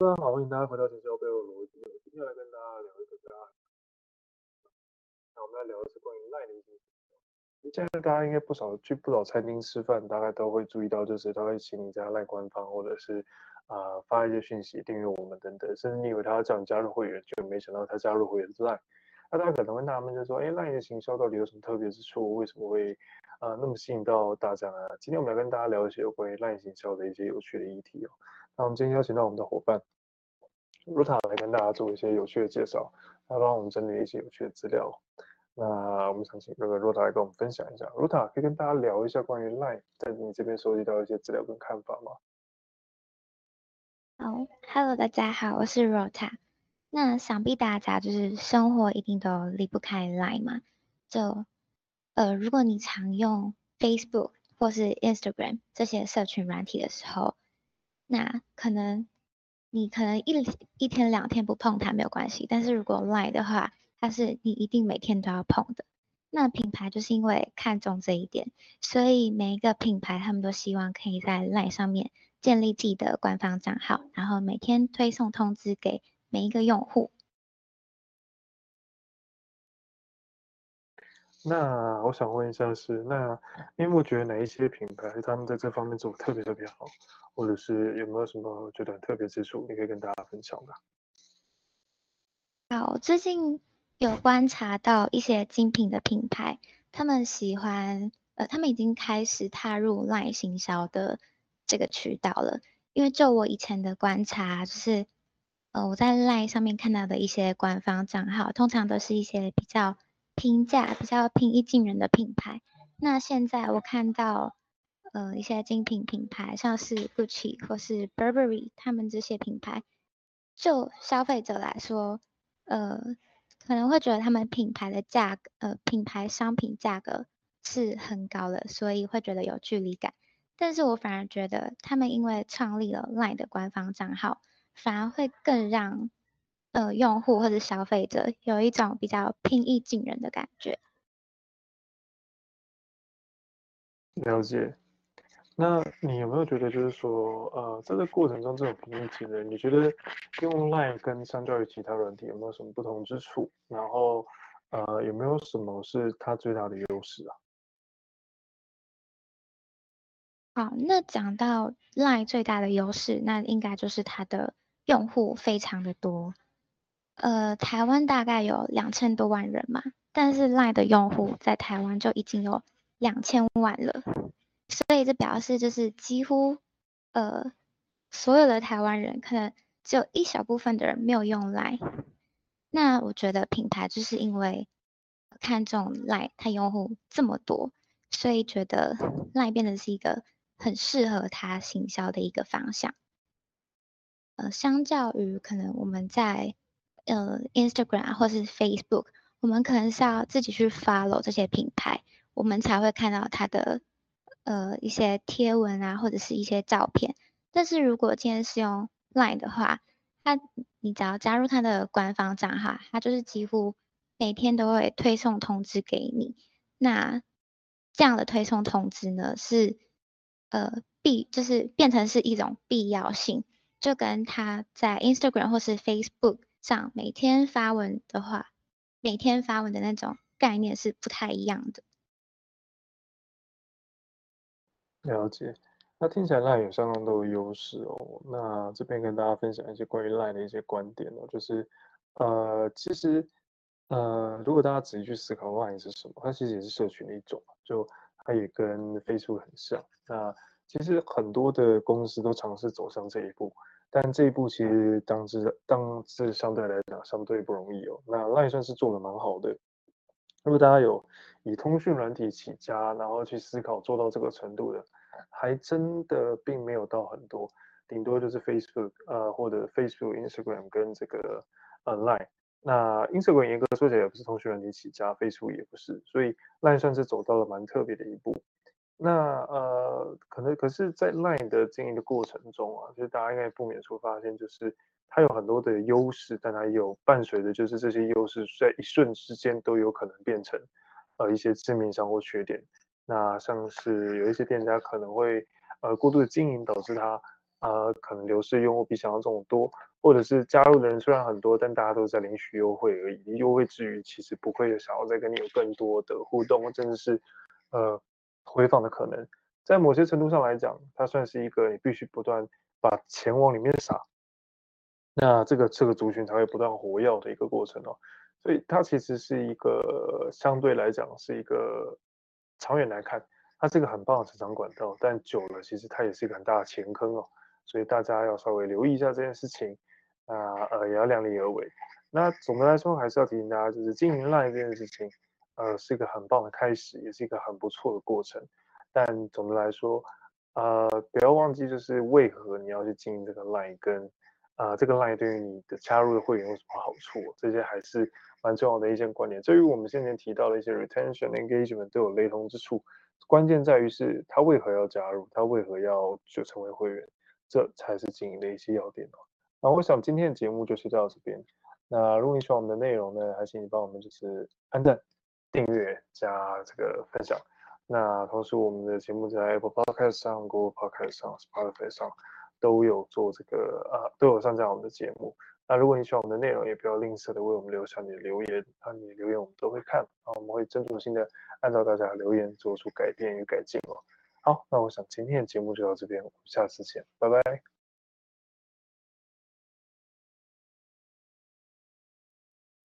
大、嗯、家好，歡迎大家回到《行銷背後的邏輯》。我今天來跟大家聊一個提案。那、啊、我們來聊的是關於 Line 的行銷。現在大家應該不少去不少餐廳吃飯，大概都會注意到，就是他會請你加 Line 官方，或者是啊、呃、發一些訊息，訂閱我們等等，甚至你以為他要叫你加入會員，卻沒想到他加入會員之外。那、啊、大家可能問他們，就說：“哎、欸，Line 的行銷到底有什麼特別之處？為什麼會啊、呃、那麼吸引到大家？”呢？今天我們來跟大家聊一些有關於 Line 行銷的一些有趣的議題哦。那我們今天邀請到我們的夥伴，Ruta 來跟大家做一些有趣的介紹，他幫我們整理一些有趣的資料。那我們想請這個 Ruta 來跟我們分享一下，Ruta 可以跟大家聊一下關於 Line 在你這邊收集到一些資料跟看法嗎？哦 Hello，大家好，我是 Ruta。那想必大家就是生活一定都離不開 Line 嘛，就呃，如果你常用 Facebook 或是 Instagram 這些社群軟體的時候。那可能你可能一一天兩天不碰它，沒有關係，但是如果 LINE 的話，它是你一定每天都要碰的。那品牌就是因為看重這一點，所以每一個品牌他們都希望可以在 LINE 上面建立自己的官方賬號，然後每天推送通知給每一個用戶。那我想問一下是，是那因為我覺得哪一些品牌他們在這方面做得特別特別好，或者是有沒有什麼覺得很特別之處，你可以跟大家分享嗎？好，最近有觀察到一些精品的品牌，他們喜歡呃，他們已經開始踏入 LINE 行銷的這個渠道了。因為就我以前的觀察，就是呃，我在 LINE 上面看到的一些官方賬號，通常都是一些比較。平價比較平易近人的品牌，那現在我看到，呃，一些精品品牌，像是 Gucci 或是 Burberry，他們這些品牌，就消費者來說，呃，可能會覺得他們品牌的價格，呃，品牌商品價格是很高的，所以會覺得有距離感。但是我反而覺得，他們因為創立了 LINE 的官方賬號，反而會更讓。呃，用戶或者消費者有一種比較平易近人的感覺。了解，那你有沒有覺得，就是說，呃，在這個過程中這種平易近人，你覺得用 LINE 跟相較於其他軟體有沒有什麼不同之處？然後，呃，有沒有什麼是它最大的優勢啊？好，那講到 LINE 最大的優勢，那應該就是它的用戶非常的多。呃，台灣大概有兩千多萬人嘛，但是 LINE 的用戶在台灣就已經有兩千萬了，所以這表示就是幾乎，呃，所有的台灣人可能只有一小部分的人沒有用 LINE。那我覺得品牌就是因為看中 LINE，它用戶這麼多，所以覺得 LINE 變成是一個很適合它行銷的一個方向。呃，相較於可能我們在呃，Instagram 啊，或是 Facebook，我們可能是要自己去 follow 這些品牌，我們才會看到它的呃一些貼文啊，或者是一些照片。但是如果今天是用 Line 的話，那你只要加入它的官方賬號，它就是幾乎每天都會推送通知給你。那這樣的推送通知呢，是呃必就是變成是一種必要性，就跟它在 Instagram 或是 Facebook。上每天發文的話，每天發文的那種概念是不太一樣的。了解，那聽起來 LINE 有相當多的優勢哦。那這邊跟大家分享一些關於 LINE 的一些觀點哦，就是呃，其實呃，如果大家仔細去思考的話，LINE 是什麼？它其實也是社群的一種，就它也跟 Facebook 很像。那其實很多的公司都嘗試走上這一步。但這一步其實當時當時相對來講相對不容易哦。那 Line 算是做的蠻好的，如果大家有以通訊軟體起家，然後去思考做到這個程度的，還真的並沒有到很多，頂多就是 Facebook 呃或者 Facebook Instagram 跟這個 LINE。那 Instagram 嚴格說起來也不是通訊軟體起家，Facebook 也不是，所以 Line 算是走到了蠻特別的一步。那呃，可能可是在 LINE 的經營的過程中啊，就是大家應該不免會發現，就是它有很多的優勢，但它有伴隨的，就是這些優勢在一瞬之間都有可能變成，呃，一些致命傷或缺點。那像是有一些店家可能會呃過度的經營，導致他呃可能流失用戶比想象中多，或者是加入的人雖然很多，但大家都在領取優惠而已，優惠之餘其實不會想要再跟你有更多的互動，或真的是呃。回訪的可能，在某些程度上來講，它算是一個你必須不斷把錢往裡面撒，那這個這個族群才會不斷活躍的一個過程哦。所以它其實是一個相對來講是一個長遠來看，它是一個很棒的成長管道，但久了其實它也是一個很大的錢坑哦。所以大家要稍微留意一下這件事情，啊、呃，呃也要量力而為。那總的來說，還是要提醒大家，就是經營 LINE 這件事情。呃，是一個很棒的開始，也是一個很不錯的過程。但總的來說，呃，不要忘記，就是為何你要去經營這個 LINE，跟啊、呃、這個 LINE 對於你的加入的會員有什麼好處，這些還是蠻重要的一些觀點。這與我們先前提到的一些 retention engagement 都有雷同之處，關鍵在於是他為何要加入，他為何要就成為會員，這才是經營的一些要點。那、啊、我想今天的節目就是到這邊。那如果你喜歡我們的內容呢，還請你幫我們就是按讚。訂閱加這個分享，那同時我們的節目在 Apple Podcast 上、Google Podcast 上、Spotify 上都有做這個、呃、都有上架我們的節目。那如果你喜歡我們的內容，也不要吝嗇的為我們留下你的留言，那、啊、你的留言我們都會看，啊，我們會針對性的按照大家的留言做出改變與改進哦。好，那我想今天的節目就到這邊，我們下次見，拜拜。